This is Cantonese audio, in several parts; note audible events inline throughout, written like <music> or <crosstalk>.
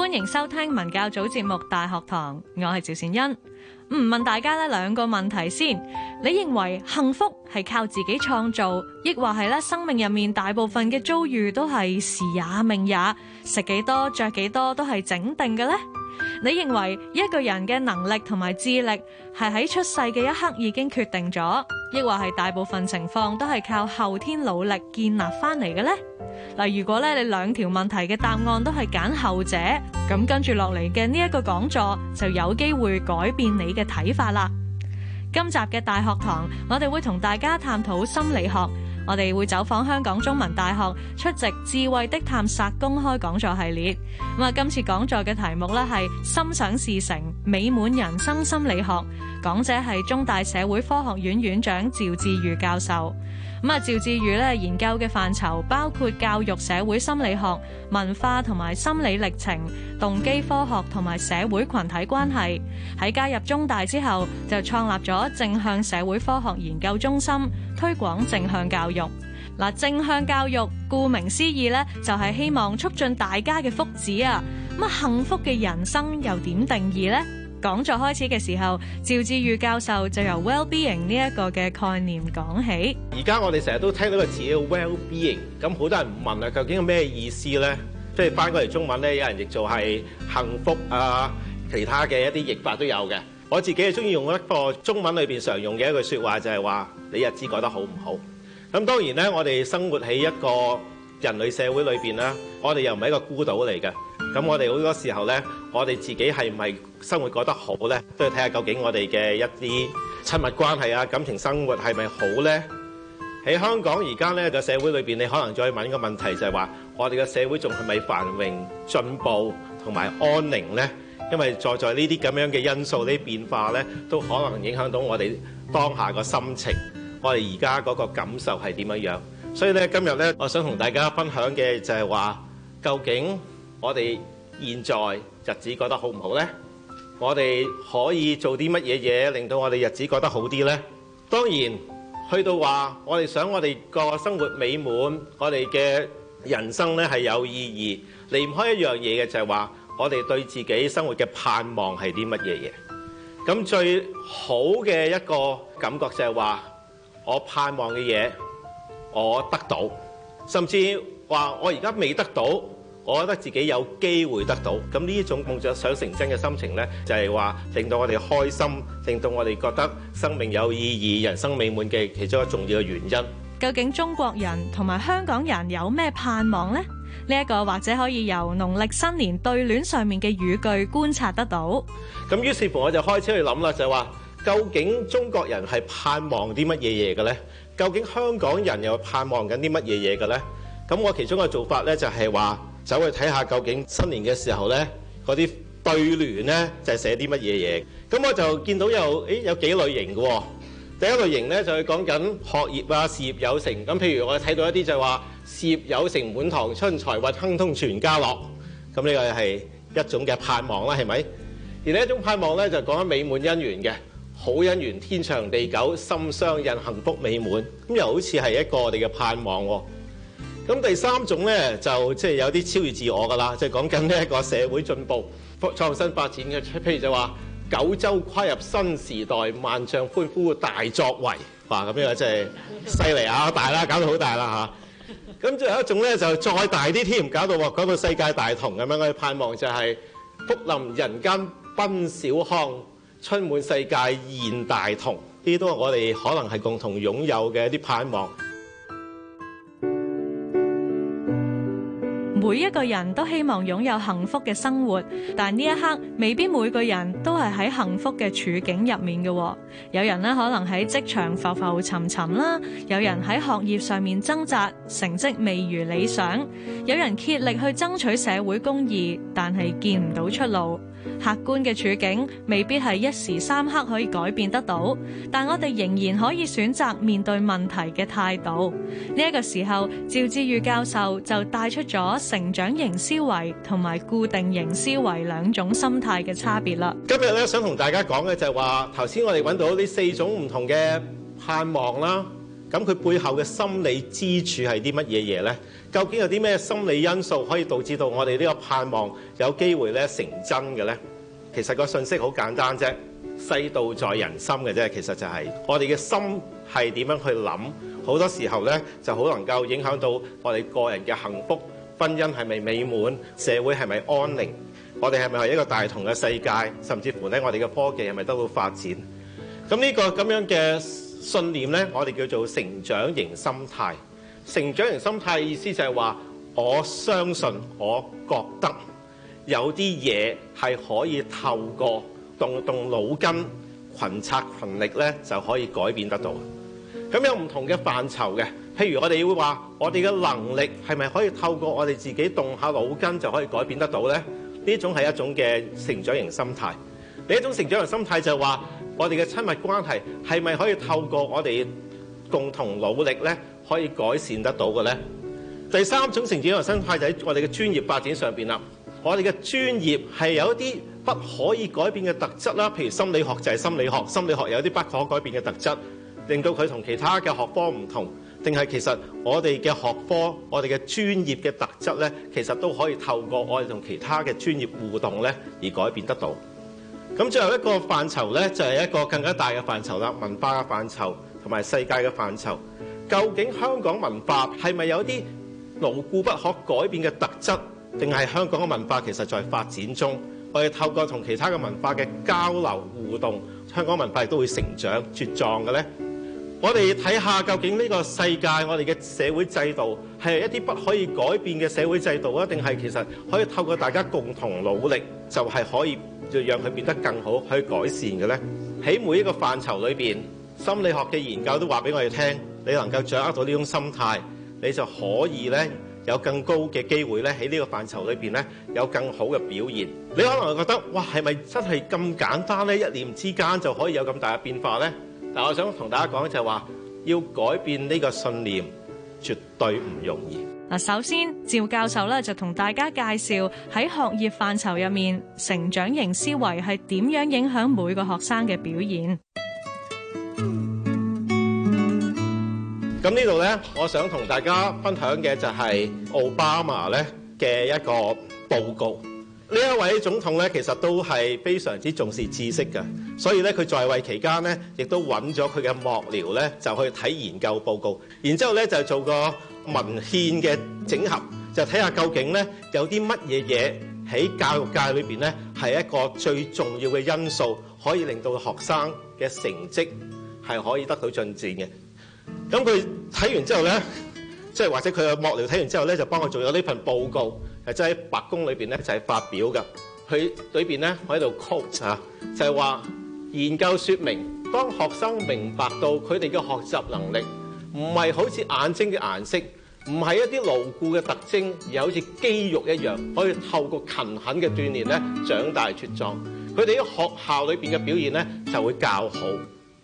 歡迎收聽文教組節目《大學堂》，我係趙善恩。唔問大家呢兩個問題先，你認為幸福係靠自己創造，亦或係咧生命入面大部分嘅遭遇都係時也命也，食幾多着幾多都係整定嘅呢？你認為一個人嘅能力同埋智力係喺出世嘅一刻已經決定咗？亦或係大部分情況都係靠後天努力建立翻嚟嘅呢？嗱，如果咧你兩條問題嘅答案都係揀後者，咁跟住落嚟嘅呢一個講座就有機會改變你嘅睇法啦。今集嘅大學堂，我哋會同大家探討心理學。我哋會走訪香港中文大學，出席智慧的探索公開講座系列。咁啊，今次講座嘅題目呢係心想事成美滿人生心、心理學，講者係中大社會科學院院長趙志裕教授。咁啊，趙志裕咧研究嘅範疇包括教育、社會心理學、文化同埋心理歷程、動機科學同埋社會群體關係。喺加入中大之後，就創立咗正向社會科學研究中心，推廣正向教育。嗱，正向教育顧名思義咧，就係希望促進大家嘅福祉啊。幸福嘅人生又點定義呢？講座開始嘅時候，趙志裕教授就由 well-being 呢一個嘅概念講起。而家我哋成日都聽到個詞 well-being，咁好多人問啦，究竟咩意思咧？即係翻過嚟中文咧，有人譯做係幸福啊，其他嘅一啲譯法都有嘅。我自己係中意用一個中文裏面常用嘅一句說話，就係話你日子過得好唔好。咁當然咧，我哋生活喺一個人類社會裏面啦，我哋又唔係一個孤島嚟嘅。咁我哋好多時候呢，我哋自己係咪生活過得好呢？都要睇下究竟我哋嘅一啲親密關係啊、感情生活係咪好呢。喺香港而家呢個社會裏面，你可能再問一個問題就，就係話我哋嘅社會仲係咪繁榮進步同埋安寧呢？因為在在呢啲咁樣嘅因素、啲變化呢都可能影響到我哋當下個心情，我哋而家嗰個感受係點樣樣。所以呢，今日呢，我想同大家分享嘅就係話，究竟。我哋現在日子過得好唔好呢？我哋可以做啲乜嘢嘢令到我哋日子過得好啲呢？當然去到話，我哋想我哋個生活美滿，我哋嘅人生呢係有意義，離唔開一樣嘢嘅就係話，我哋對自己生活嘅盼望係啲乜嘢嘢？咁最好嘅一個感覺就係話，我盼望嘅嘢我得到，甚至話我而家未得到。我覺得自己有機會得到咁呢一種夢想成真嘅心情呢，就係話令到我哋開心，令到我哋覺得生命有意義、人生美滿嘅其中一個重要嘅原因。究竟中國人同埋香港人有咩盼望呢？呢一個或者可以由農曆新年對聯上面嘅語句觀察得到。咁於是乎我就開始去諗啦，就係話究竟中國人係盼望啲乜嘢嘢嘅呢？究竟香港人又盼望緊啲乜嘢嘢嘅呢？咁我其中一個嘅做法呢就係話。走去睇下究竟新年嘅時候呢，嗰啲對聯呢，就係寫啲乜嘢嘢？咁我就見到有，誒有幾類型嘅喎。第一類型呢，就係講緊學業啊、事業有成。咁譬如我哋睇到一啲就係話事業有成滿堂春，財運亨通全家樂。咁呢個係一種嘅盼望啦，係咪？而呢一種盼望呢，就講緊美滿姻緣嘅，好姻緣天長地久，心相印幸福美滿。咁又好似係一個我哋嘅盼望喎。咁第三種咧就即係有啲超越自我㗎啦，即係講緊呢一個社會進步、創新發展嘅，即譬如就話九州跨入新時代，萬丈歡呼大作為，啊咁樣即係犀利啊大啦，搞到好大啦嚇！咁最後一種咧就再大啲添，搞到話講到世界大同咁樣，我哋盼望就係福臨人間奔小康，春滿世界現大同，呢啲都係我哋可能係共同擁有嘅一啲盼望。每一個人都希望擁有幸福嘅生活，但呢一刻未必每個人都係喺幸福嘅處境入面嘅。有人呢可能喺職場浮浮沉沉啦，有人喺學業上面掙扎，成績未如理想，有人竭力去爭取社會公義，但係見唔到出路。客觀嘅處境未必係一時三刻可以改變得到，但我哋仍然可以選擇面對問題嘅態度。呢一個時候，趙志裕教授就帶出咗成長型思維同埋固定型思維兩種心態嘅差別啦。今日咧，想同大家講嘅就係話，頭先我哋揾到呢四種唔同嘅盼望啦。咁佢背後嘅心理支柱係啲乜嘢嘢呢？究竟有啲咩心理因素可以導致到我哋呢個盼望有機會咧成真嘅呢？其實個信息好簡單啫，世道在人心嘅啫。其實就係我哋嘅心係點樣去諗，好多時候呢就好能夠影響到我哋個人嘅幸福、婚姻係咪美滿、社會係咪安寧、我哋係咪係一個大同嘅世界，甚至乎呢，我哋嘅科技係咪得到發展？咁呢個咁樣嘅。信念咧，我哋叫做成長型心態。成長型心態嘅意思就係話，我相信，我覺得有啲嘢係可以透過動動腦筋、群策群力咧，就可以改變得到。咁有唔同嘅範疇嘅，譬如我哋會話，我哋嘅能力係咪可以透過我哋自己動下腦筋就可以改變得到咧？呢種係一種嘅成長型心態。另一種成長型心態就係話，我哋嘅親密關係係咪可以透過我哋共同努力呢？可以改善得到嘅呢？第三種成長生態就喺我哋嘅專業發展上邊啦。我哋嘅專業係有一啲不可以改變嘅特質啦，譬如心理學就係心理學，心理學有啲不可改變嘅特質，令到佢同其他嘅學科唔同。定係其實我哋嘅學科、我哋嘅專業嘅特質呢，其實都可以透過我哋同其他嘅專業互動呢，而改變得到。咁最後一個範疇呢就係一個更加大嘅範疇啦，文化嘅範疇同埋世界嘅範疇。究竟香港文化係咪有啲牢固不可改變嘅特質，定係香港嘅文化其實在發展中？我哋透過同其他嘅文化嘅交流互動，香港文化都會成長茁壯嘅呢？我哋睇下究竟呢個世界，我哋嘅社會制度係一啲不可以改變嘅社會制度啊，定係其實可以透過大家共同努力，就係可以讓佢變得更好，可以改善嘅咧。喺每一個範疇裏邊，心理學嘅研究都話俾我哋聽，你能夠掌握到呢種心態，你就可以咧有更高嘅機會咧喺呢個範疇裏邊咧有更好嘅表現。你可能會覺得哇，係咪真係咁簡單咧？一念之間就可以有咁大嘅變化咧？嗱，但我想同大家講就係話，要改變呢個信念，絕對唔容易。嗱，首先趙教授咧就同大家介紹喺學業範疇入面，成長型思維係點樣影響每個學生嘅表現。咁呢度呢，我想同大家分享嘅就係奧巴馬呢嘅一個報告。呢一位總統咧，其實都係非常之重視知識嘅，所以咧，佢在位期間咧，亦都揾咗佢嘅幕僚咧，就去睇研究報告，然之後咧就做個文獻嘅整合，就睇下究竟咧有啲乜嘢嘢喺教育界裏邊咧係一個最重要嘅因素，可以令到學生嘅成績係可以得到進展嘅。咁佢睇完之後咧。即係或者佢嘅幕僚睇完之後咧，就幫我做咗呢份報告，係即喺白宮裏邊咧就係發表嘅。佢裏邊咧，我喺度 quote 嚇、啊，就係、是、話研究說明，當學生明白到佢哋嘅學習能力唔係好似眼睛嘅顏色，唔係一啲牢固嘅特徵，而好似肌肉一樣，可以透過勤懇嘅鍛鍊咧長大茁壯，佢哋喺學校裏邊嘅表現咧就會較好。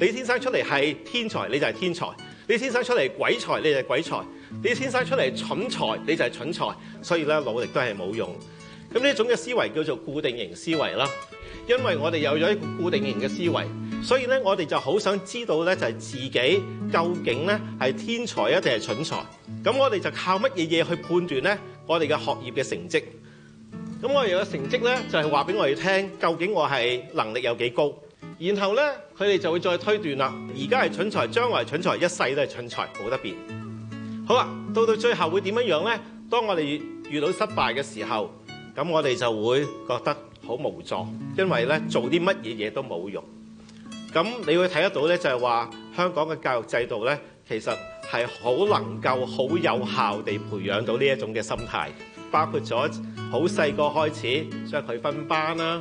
李先生出嚟係天才，你就係天才；李先生出嚟鬼才，你就係鬼才；李先生出嚟蠢才，你就係蠢才。所以呢，努力都係冇用嘅。咁呢種嘅思維叫做固定型思維啦。因為我哋有咗一個固定型嘅思維，所以呢，我哋就好想知道呢，就係自己究竟呢係天才一定係蠢才。咁我哋就靠乜嘢嘢去判斷呢？我哋嘅學業嘅成績。咁我哋嘅成績呢，就係話俾我哋聽，究竟我係能力有幾高？然後呢，佢哋就會再推斷啦。而家係蠢材，將來蠢材，一世都係蠢材，冇得變。好啦、啊，到到最後會點樣樣呢？當我哋遇到失敗嘅時候，咁我哋就會覺得好無助，因為呢，做啲乜嘢嘢都冇用。咁你會睇得到呢，就係、是、話香港嘅教育制度呢，其實係好能夠好有效地培養到呢一種嘅心態，包括咗好細個開始將佢分班啦、啊，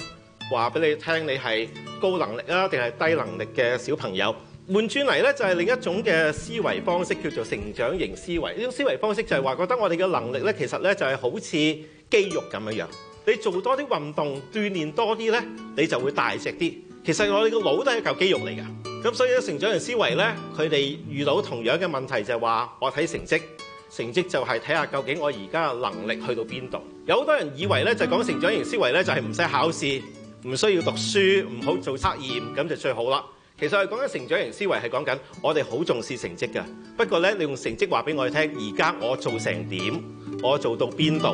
話俾你聽，你係高能力啊，定係低能力嘅小朋友？換轉嚟呢，就係另一種嘅思維方式，叫做成長型思維。呢種思維方式就係話覺得我哋嘅能力呢，其實呢就係好似肌肉咁樣樣。你做多啲運動，鍛鍊多啲呢，你就會大隻啲。其實我哋個腦都係一嚿肌肉嚟㗎。咁所以成長型思維呢，佢哋遇到同樣嘅問題就係話我睇成績，成績就係睇下究竟我而家嘅能力去到邊度。有好多人以為呢，就講成長型思維呢，就係唔使考試。唔需要讀書，唔好做測驗，咁就最好啦。其實我講緊成長型思維係講緊，我哋好重視成績嘅。不過咧，你用成績話俾我哋聽，而家我做成點，我做到邊度？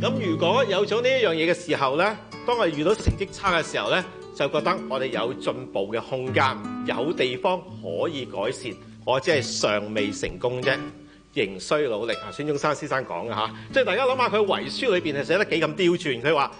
咁如果有咗呢一樣嘢嘅時候咧，當我遇到成績差嘅時候咧，就覺得我哋有進步嘅空間，有地方可以改善，我只係尚未成功啫，仍需努力。啊，孫中山先生講嘅吓，即係大家諗下佢遺書裏面係寫得幾咁刁鑽，佢話。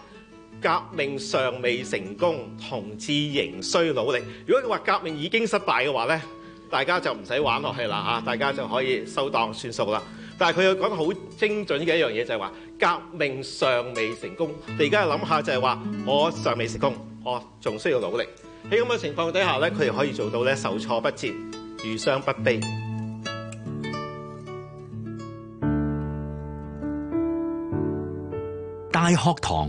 革命尚未成功，同志仍需努力。如果你話革命已經失敗嘅話呢，大家就唔使玩落去啦，嚇，大家就可以收檔算數啦。但係佢又講得好精準嘅一樣嘢就係話，革命尚未成功，你而家諗下就係話，我尚未成功，我仲需要努力。喺咁嘅情況底下呢，佢哋可以做到呢，受挫不絕，遇傷不悲。大學堂。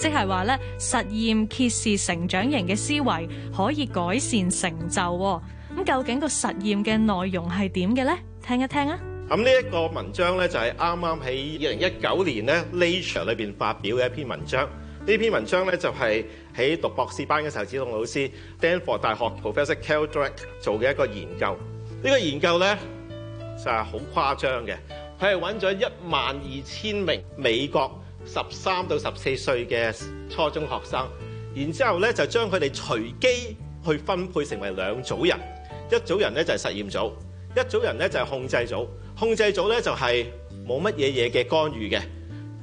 即係話咧，實驗揭示成長型嘅思維可以改善成就。咁究竟個實驗嘅內容係點嘅咧？聽一聽啊！咁呢一個文章咧就係啱啱喺二零一九年咧 Nature 裏邊發表嘅一篇文章。呢篇文章咧就係喺讀博士班嘅時候，指導老師 Stanford 大學 Professor Carol Dweck 做嘅一個研究。呢、這個研究咧就係好誇張嘅，佢係揾咗一萬二千名美國。十三到十四歲嘅初中學生，然之後咧就將佢哋隨機去分配成為兩組人，一組人咧就係實驗組，一組人咧就係控制組，控制組咧就係冇乜嘢嘢嘅干預嘅，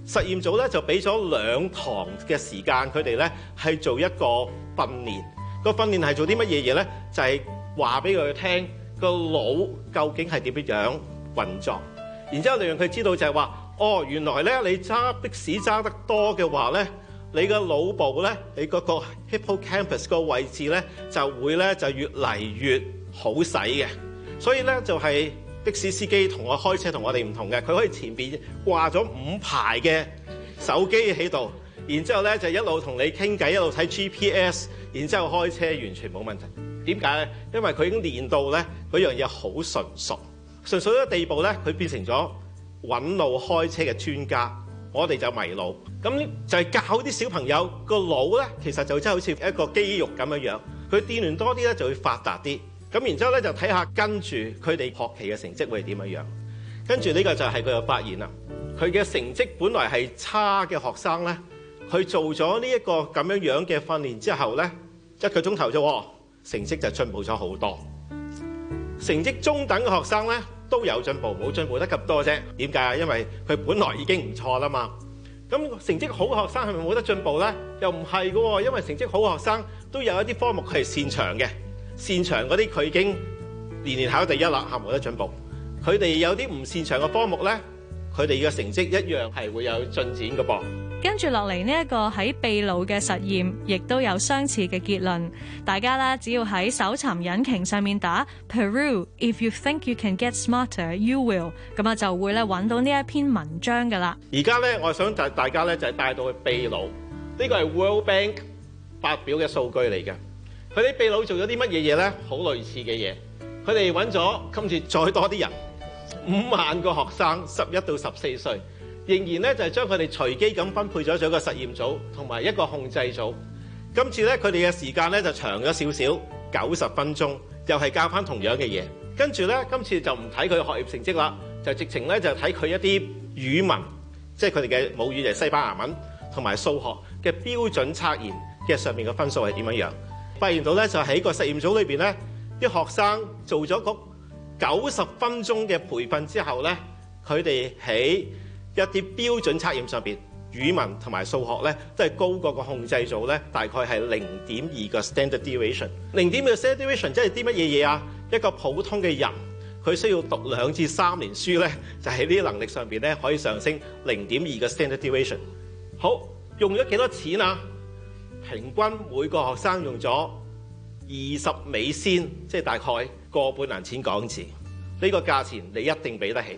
實驗組咧就俾咗兩堂嘅時間，佢哋咧係做一個訓練，個訓練係做啲乜嘢嘢咧？就係話俾佢聽個腦究竟係點樣樣運作，然之後你讓佢知道就係話。哦，原來咧你揸的士揸得多嘅話咧，你個腦部咧，你嗰個 hippocampus 個位置咧，就會咧就越嚟越好使嘅。所以咧就係、是、的士司機同我開車我同我哋唔同嘅，佢可以前面掛咗五排嘅手機喺度，然之後咧就一路同你傾偈，一路睇 GPS，然之後開車完全冇問題。點解咧？因為佢已經練到咧嗰樣嘢好純熟，純熟到一個地步咧，佢變成咗揾路開車嘅專家，我哋就迷路。咁就係教啲小朋友個腦呢，其實就真係好似一個肌肉咁樣樣。佢電聯多啲呢，就會發達啲。咁然之後呢，就睇下跟住佢哋學期嘅成績會係點樣樣。跟住呢個就係佢嘅發現啦。佢嘅成績本來係差嘅學生呢，佢做咗呢一個咁樣樣嘅訓練之後呢，一個鐘頭啫，成績就進步咗好多。成績中等嘅學生呢，都有進步，冇進步得咁多啫。點解啊？因為佢本來已經唔錯啦嘛。咁成績好嘅學生係咪冇得進步呢？又唔係嘅喎，因為成績好嘅學生都有一啲科目佢係擅長嘅，擅長嗰啲佢已經年年考第一啦，係冇得進步。佢哋有啲唔擅長嘅科目呢，佢哋嘅成績一樣係會有進展嘅噃。跟住落嚟呢一個喺秘魯嘅實驗，亦都有相似嘅結論。大家啦，只要喺搜尋引擎上面打 Peru，if you think you can get smarter，you will，咁啊，就會咧揾到呢一篇文章噶啦。而家咧，我想帶大家咧就係帶到去秘魯。呢個係 World Bank 發表嘅數據嚟嘅。佢啲秘魯做咗啲乜嘢嘢咧？好類似嘅嘢。佢哋揾咗，今次再多啲人，五萬個學生，十一到十四歲。仍然咧就係將佢哋隨機咁分配咗咗個實驗組同埋一個控制組。今次咧佢哋嘅時間咧就長咗少少，九十分鐘，又係教翻同樣嘅嘢。跟住咧今次就唔睇佢學業成績啦，就直情咧就睇佢一啲語文，即係佢哋嘅母語，就係西班牙文同埋數學嘅標準測驗嘅上面嘅分數係點樣樣發現到咧就喺個實驗組裏邊咧啲學生做咗個九十分鐘嘅培訓之後咧，佢哋喺一啲標準測驗上面，語文同埋數學咧，都係高過個控制組咧，大概係零點二個 standard deviation。零點二個 standard deviation 即係啲乜嘢嘢啊？一個普通嘅人，佢需要讀兩至三年書咧，就喺呢啲能力上面咧可以上升零點二個 standard deviation。好，用咗幾多錢啊？平均每個學生用咗二十美仙，即係大概個半銀錢港紙。呢個價錢你一定俾得起。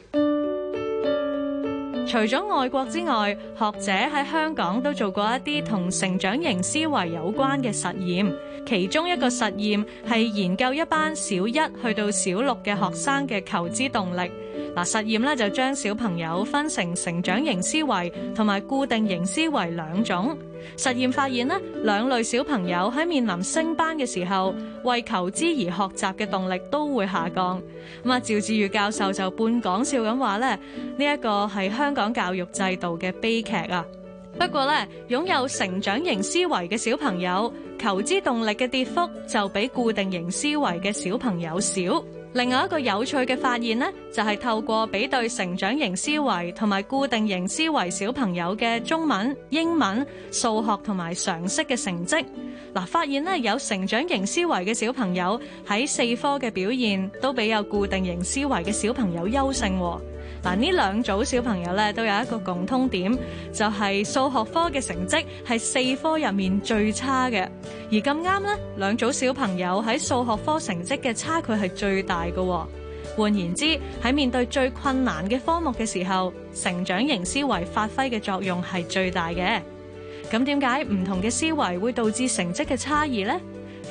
除咗外國之外，學者喺香港都做過一啲同成長型思維有關嘅實驗，其中一個實驗係研究一班小一去到小六嘅學生嘅求知動力。嗱，實驗咧就將小朋友分成成長型思維同埋固定型思維兩種。實驗發現呢兩類小朋友喺面臨升班嘅時候，為求知而學習嘅動力都會下降。咁啊，趙志裕教授就半講笑咁話咧：呢一個係香港教育制度嘅悲劇啊！不過呢擁有成長型思維嘅小朋友，求知動力嘅跌幅就比固定型思維嘅小朋友少。另外一個有趣嘅發現呢就係透過比對成長型思維同埋固定型思維小朋友嘅中文、英文、數學同埋常識嘅成績，嗱，發現呢有成長型思維嘅小朋友喺四科嘅表現都比有固定型思維嘅小朋友優勝喎。嗱，呢兩組小朋友咧都有一個共通點，就係數學科嘅成績係四科入面最差嘅。而咁啱呢，兩組小朋友喺數學科成績嘅差距係最大嘅。換言之，喺面對最困難嘅科目嘅時候，成長型思維發揮嘅作用係最大嘅。咁點解唔同嘅思維會導致成績嘅差異呢？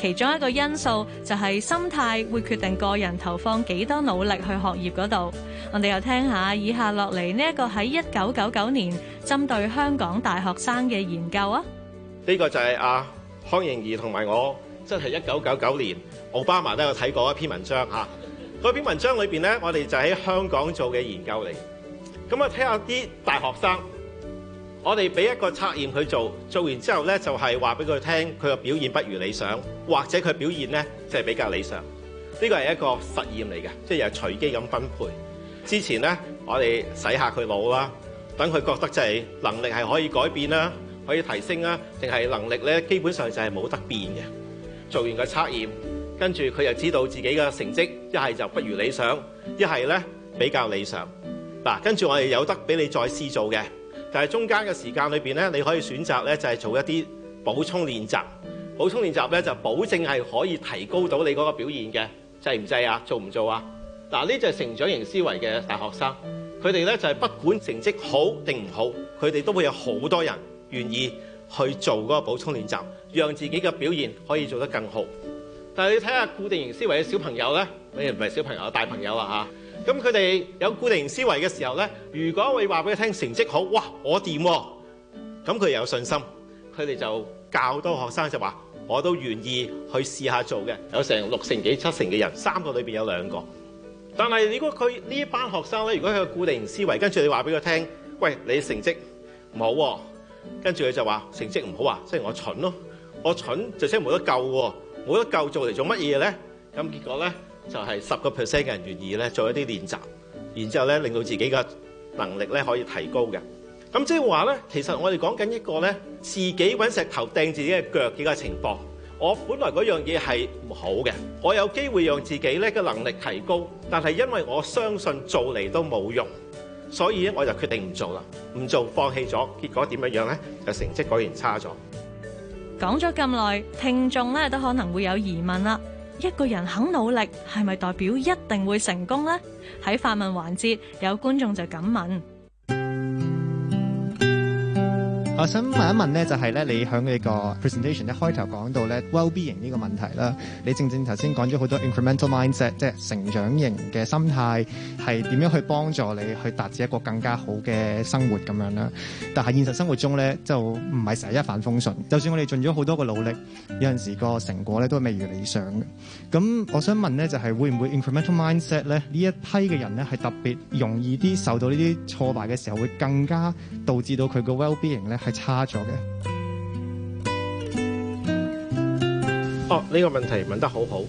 其中一個因素就係心態會決定個人投放幾多努力去學業嗰度。我哋又聽下以下落嚟呢一個喺一九九九年針對香港大學生嘅研究啊。呢個就係阿康螢儀同埋我，真係一九九九年，奧巴馬都有睇過一篇文章吓。嗰 <laughs> 篇文章裏面呢，我哋就喺香港做嘅研究嚟。咁啊，睇下啲大學生。我哋俾一個測驗佢做，做完之後呢，就係話俾佢聽，佢嘅表現不如理想，或者佢表現呢，即係比較理想。呢個係一個實驗嚟嘅，即係又係隨機咁分配。之前呢，我哋洗下佢腦啦，等佢覺得即係能力係可以改變啦，可以提升啦，定係能力呢基本上就係冇得變嘅。做完個測驗，跟住佢又知道自己嘅成績，一係就不如理想，一係呢，比較理想。嗱，跟住我哋有得俾你再試做嘅。但係中間嘅時間裏邊呢，你可以選擇呢就係做一啲補充練習，補充練習呢，就保證係可以提高到你嗰個表現嘅，制唔制啊？做唔做啊？嗱，呢就係成長型思維嘅大學生，佢哋呢就係不管成績好定唔好，佢哋都會有好多人願意去做嗰個補充練習，讓自己嘅表現可以做得更好。但係你睇下固定型思維嘅小朋友呢，你唔係小朋友，大朋友啦、啊。咁佢哋有固定思維嘅時候呢，如果我話俾佢聽成績好，哇，我掂喎、啊，咁佢又有信心，佢哋就教多學生就話，我都願意去試下做嘅，有成六成幾、七成嘅人，三個裏面有兩個。但係如果佢呢班學生呢，如果佢有固定思維，跟住你話俾佢聽，喂，你成績唔好、啊，跟住佢就話成績唔好啊，即係我蠢咯、啊，我蠢就即係冇得救喎、啊，冇得救做嚟做乜嘢呢？咁結果呢。就係十個 percent 嘅人願意咧做一啲練習，然之後咧令到自己嘅能力咧可以提高嘅。咁即係話咧，其實我哋講緊一個咧自己揾石頭掟自己嘅腳幾個情況。我本來嗰樣嘢係唔好嘅，我有機會讓自己咧嘅能力提高，但係因為我相信做嚟都冇用，所以咧我就決定唔做啦，唔做放棄咗，結果點樣樣咧，就成績果然差咗。講咗咁耐，聽眾咧都可能會有疑問啦。一個人肯努力係咪代表一定會成功呢？喺發問環節，有觀眾就咁問。我想問一問咧，就係咧，你喺你個 presentation 一開頭講到咧，well-being 呢個問題啦。你正正頭先講咗好多 incremental mindset，即係成長型嘅心態，係點樣去幫助你去達至一個更加好嘅生活咁樣啦。但係現實生活中咧，就唔係成日一帆風順。就算我哋盡咗好多個努力，有陣時個成果咧都未如理想嘅。咁我想問咧，就係會唔會 incremental mindset 咧呢一批嘅人咧係特別容易啲受到呢啲挫敗嘅時候，會更加導致到佢個 well-being 咧？係差咗嘅。哦，呢個問題問得好好，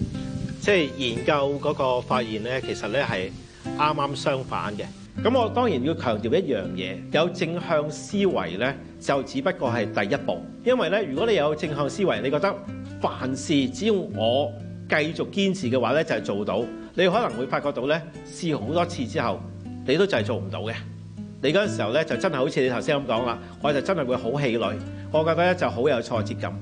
即係研究嗰個發現呢，其實呢係啱啱相反嘅。咁我當然要強調一樣嘢，有正向思維呢，就只不過係第一步。因為呢，如果你有正向思維，你覺得凡事只要我繼續堅持嘅話呢，就係做到，你可能會發覺到呢，試好多次之後，你都就係做唔到嘅。你嗰陣時候咧，就真係好似你頭先咁講啦，我就真係會好氣餒，我覺得就好有挫折感。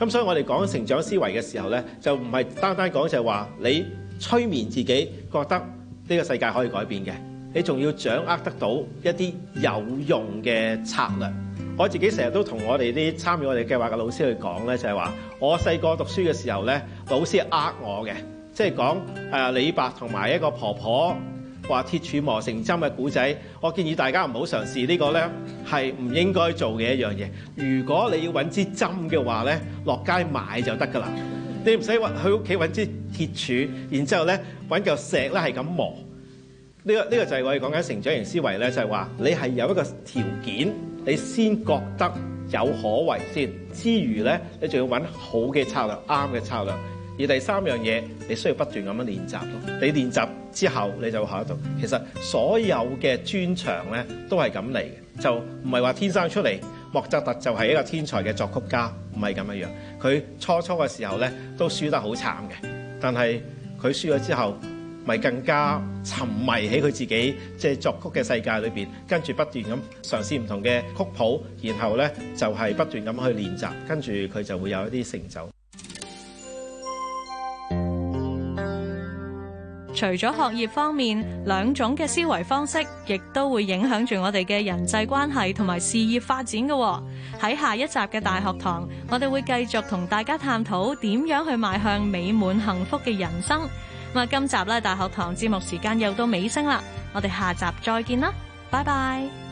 咁所以我哋講成長思維嘅時候呢，就唔係單單講就係話你催眠自己覺得呢個世界可以改變嘅，你仲要掌握得到一啲有用嘅策略。我自己成日都同我哋啲參與我哋計劃嘅老師去講呢，就係話我細個讀書嘅時候呢，老師呃我嘅，即係講，誒，李白同埋一個婆婆。話鐵柱磨成針嘅古仔，我建議大家唔好嘗試，呢個呢係唔應該做嘅一樣嘢。如果你要揾支針嘅話呢，落街買就得噶啦，你唔使去屋企揾支鐵柱，然之後呢，揾嚿石呢係咁磨。呢個呢個就係我哋講緊成長型思維呢，就係話你係有一個條件，你先覺得有可為先，之餘呢，你仲要揾好嘅策略，啱嘅策略。而第三樣嘢，你需要不斷咁樣練習咯。你練習之後，你就會學得到。其實所有嘅專長呢都係咁嚟嘅，就唔係話天生出嚟。莫扎特就係一個天才嘅作曲家，唔係咁樣。佢初初嘅時候呢都輸得好慘嘅。但係佢輸咗之後，咪更加沉迷喺佢自己即係作曲嘅世界裏邊，跟住不斷咁嘗試唔同嘅曲譜，然後呢就係不斷咁去練習，跟住佢就會有一啲成就。除咗學業方面，兩種嘅思維方式，亦都會影響住我哋嘅人際關係同埋事業發展嘅。喺下一集嘅大學堂，我哋會繼續同大家探討點樣去邁向美滿幸福嘅人生。咁啊，今集咧大學堂節目時間又到尾聲啦，我哋下集再見啦，拜拜。